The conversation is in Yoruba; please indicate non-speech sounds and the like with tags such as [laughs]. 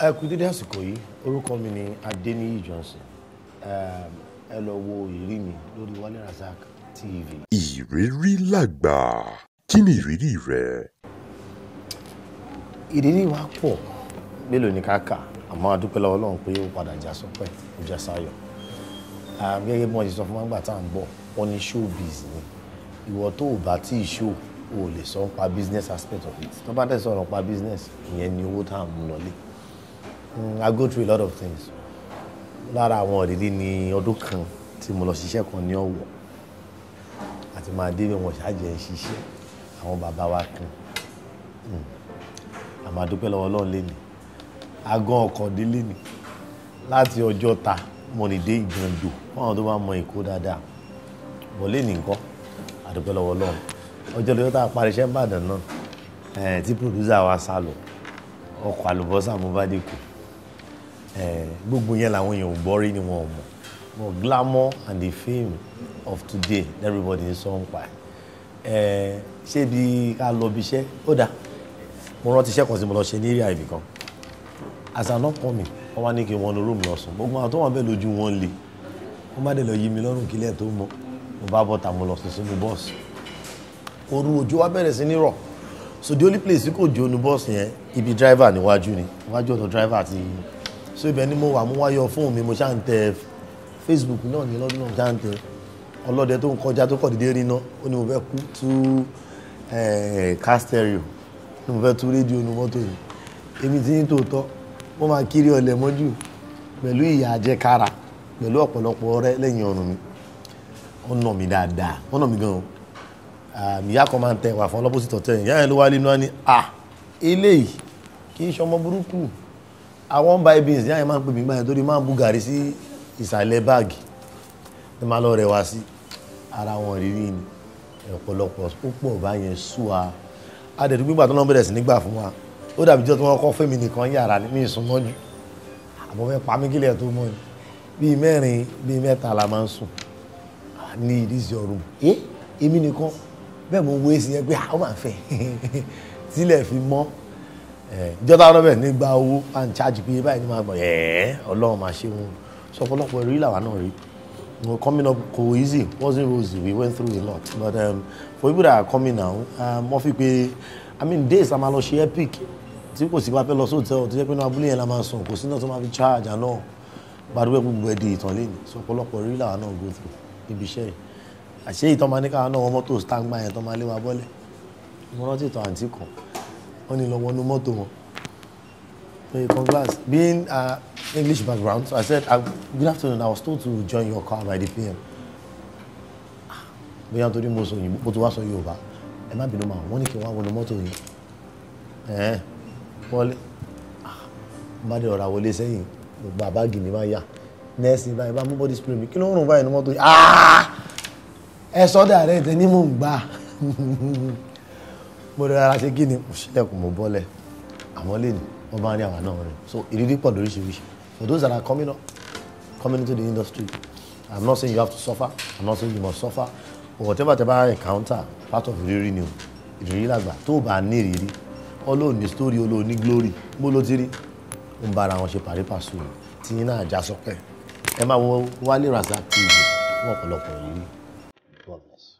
ẹ kú dédé àsìkò yìí orúkọ mi ni Adéníyì Johnson ẹ lọ wo ìrírí mi lórí Wálé Rasaq TV. ìrírí làgbà kí ni ìrírí rẹ. ìrírí wa pọ̀ mélòó ni ká kà àmọ́ a dúpẹ́ lọ́wọ́ Ọlọ́run pé ó padà já sọpẹ́ ó já sáyọ̀ gẹ́gẹ́ bí wọ́n ti sọ fún wáńgbà tá à ń bọ̀ wọ́n ní showbiz ni ìwọ tó o bá tí ì show o lè sọ nípa business aspect of it tó bá tẹ̀sán nípa business ìyẹn ni owó tá à ń mú lọlé. Mm, I go through a lot of things. Lára àwọn ìdílé ni ọdún kan tí mo lọ ṣiṣẹ́ kan ní Ọ̀wọ̀ àti máa débẹ̀ wọn ṣáàjẹ́ ṣiṣẹ́ àwọn bàbá wa kan. Àmọ́ mm. àdúpẹ́ lọ́wọ́ Ọlọ́run lé ní. Agán ọkọ̀ délé ní. Láti Ọjọ́ta mo ní dé Ìgbàndò fún àwọn tó bá mọ Èkó dáadáa. Mo lé ní àdúpẹ́ lọ́wọ́ Ọlọ́run. Ọjọ́ lóyún tá a parí iṣẹ́ ń bàdàn náà eh, tí pòdúsà wa sá lọ ọkọ̀ àlùbọ́sà mo bá dé kù. Eh, gbogbo yẹn làwọn èèyàn ò gbọ́ ni wọn mọ̀ but glamour and the fame of today everybody is so ń pa ẹ̀ eh, ṣé bí ká lọ bí iṣẹ́ ó dáa mo rántí iṣẹ́ kan tí mo lọ ṣe ní area ibì kan as i'm not coming wọ́n wá ní kí wọ́n lo room. lọ sùn gbogbo àwọn tó wọ́n bẹ́ẹ̀ lójú wọn le wọ́n bá dẹ̀ lọ yí mi lọ́rùn kílẹ̀ tó mọ́ mo bá bọ́ tà mo lọ sùn sínú bọ́ọ̀sì òru òjò wa bẹ̀rẹ̀ sí ní rọ̀ so the only place tí kò jó ní bọ́ọ̀sì yẹn ibi driver níwájú ni níwájú ọ̀dọ̀ driver àti so ibẹ̀ ni mo wà mo wá yọ mi mo ṣáà ń tẹ Facebook náà ní lọ́dún náà ṣáà ń tẹ ọlọ́dẹ tó ń kọjá tó kọ̀ dédé rí iná ó ní mo fẹ́ kú tú casterio ní mo fẹ́ tú rédíò nu mọ́tò yìí èmi ti ní tòótọ́ wọ́n máa kiri ọ̀lẹ̀ mọ́jú pẹ̀lú ìyà àjẹkára pẹ̀lú ọ̀pọ̀lọpọ̀ ọ̀rẹ́ lẹ́yìn ọ̀run mi wọ́n nà mí dáadáa wọ́n nà mí gan o ìyá kan máa ń tẹ wà fún ọlọ́pọ̀sítọ̀ tẹ̀yìn ìyá yẹn ló wá nínú wa ní à eléyìí kì í ṣọmọ burúkú I àwọn buy beans ní àyè máa ń pè mí báyìí torí máa ń bú gàrí sí ìsàlẹ̀ báàgì ní máa lọ rẹ̀ wá sí ara wọn rírí ni ọ̀pọ̀lọpọ̀ ó pọ̀ báyẹn sú wa adẹ̀dú gbígbà tó náà bẹ̀rẹ̀ sí nígbà fún wa ó dàbí jọ́ tí wọ́n kọ́ fẹ́mi nìkan yàrá ní mí sùn mọ́jú àbọ̀ fẹ́ pa mí kílẹ̀ tó mọ́ ni bíi mẹ́rin bíi mẹ́ta la máa ń sùn ní ìdíje ọ̀rùn ẹ èmi nìkan bẹ́ẹ̀ mo wé sí yẹn pé àwọn ah, máa fẹ́ [laughs] tílẹ̀ fi mọ́ ìjọba rọbẹ nígbà owó à ń chájì pé báyìí ni máa gbọ ẹ Ọlọ́run máa ṣe wọn sọ ọ̀pọ̀lọpọ̀ rí làwa náà rí no coming up kò easy wasn't rosy we went through a lot but um, for people that are coming now mo um, fi pé i mean days a máa lọ ṣe epic tí kò sí pápẹ́ lọ sóòtẹ́ ọ̀tún jẹ́ pé ní abúlé yẹn la máa sùn kò sí náà tó máa fi charge àná gbàdúgbẹ́ gbogbo ẹ̀ di ìtàn lẹ́nu sọ ọ̀pọ̀lọpọ̀ rí làwa náà go through níbi iṣẹ́ yìí àṣé ìtàn máa ní káwọn náà wọ́n mọ́tò stand by yẹn tó máa lé wa bọ́lẹ̀ mo rántí ìtàn àǹtí kan wọ́n ní lọ wọnú mọ́tò wọn hey congrats being uh, English background so I said uh, good afternoon I was told to join your car by the PM ah, bóyá nítorí mo sọ òyìnbó mo ti wá sọ Yorùbá ẹ má bínú máa wọ́n ní kí n wá wọnú mọ́tò yìí ẹ̀ẹ́n wọlé ah, bá dé ọ̀rọ̀ àwọlé sẹ́yìn gbogbo àbáàgì mi bá yà nẹ́ẹ̀sì báyìí bá mú body spray mi kí ló ń rùn báyìí ní mọ́tò yìí ah! ẹ sọ́dọ̀ ààrẹ ìtẹ́ ní mò ń gbà [laughs] mo rọra ṣe kí ni mo ṣílẹ̀kùn mo àwọn lè ní wọ́n bá ní àwa náà rìn so ìrírí pọ̀ lóríṣiríṣi for those that are coming up coming into the industry i'm not saying you have to suffer i'm not saying you must suffer but whatever tẹ́ bá encounter part of ìrírí ni o ìrírí làgbà tó o bá ní ìrírí ọlọ́ọ̀ni story olóòní glory bó ló ti rí ń bára wọn ṣe pàrípàṣọ tí yín náà já sọpẹ́ ẹ máa wọ Wálé Rasaki ìbò fún ọ̀pọ̀lọpọ̀ ìrírí. God bless you.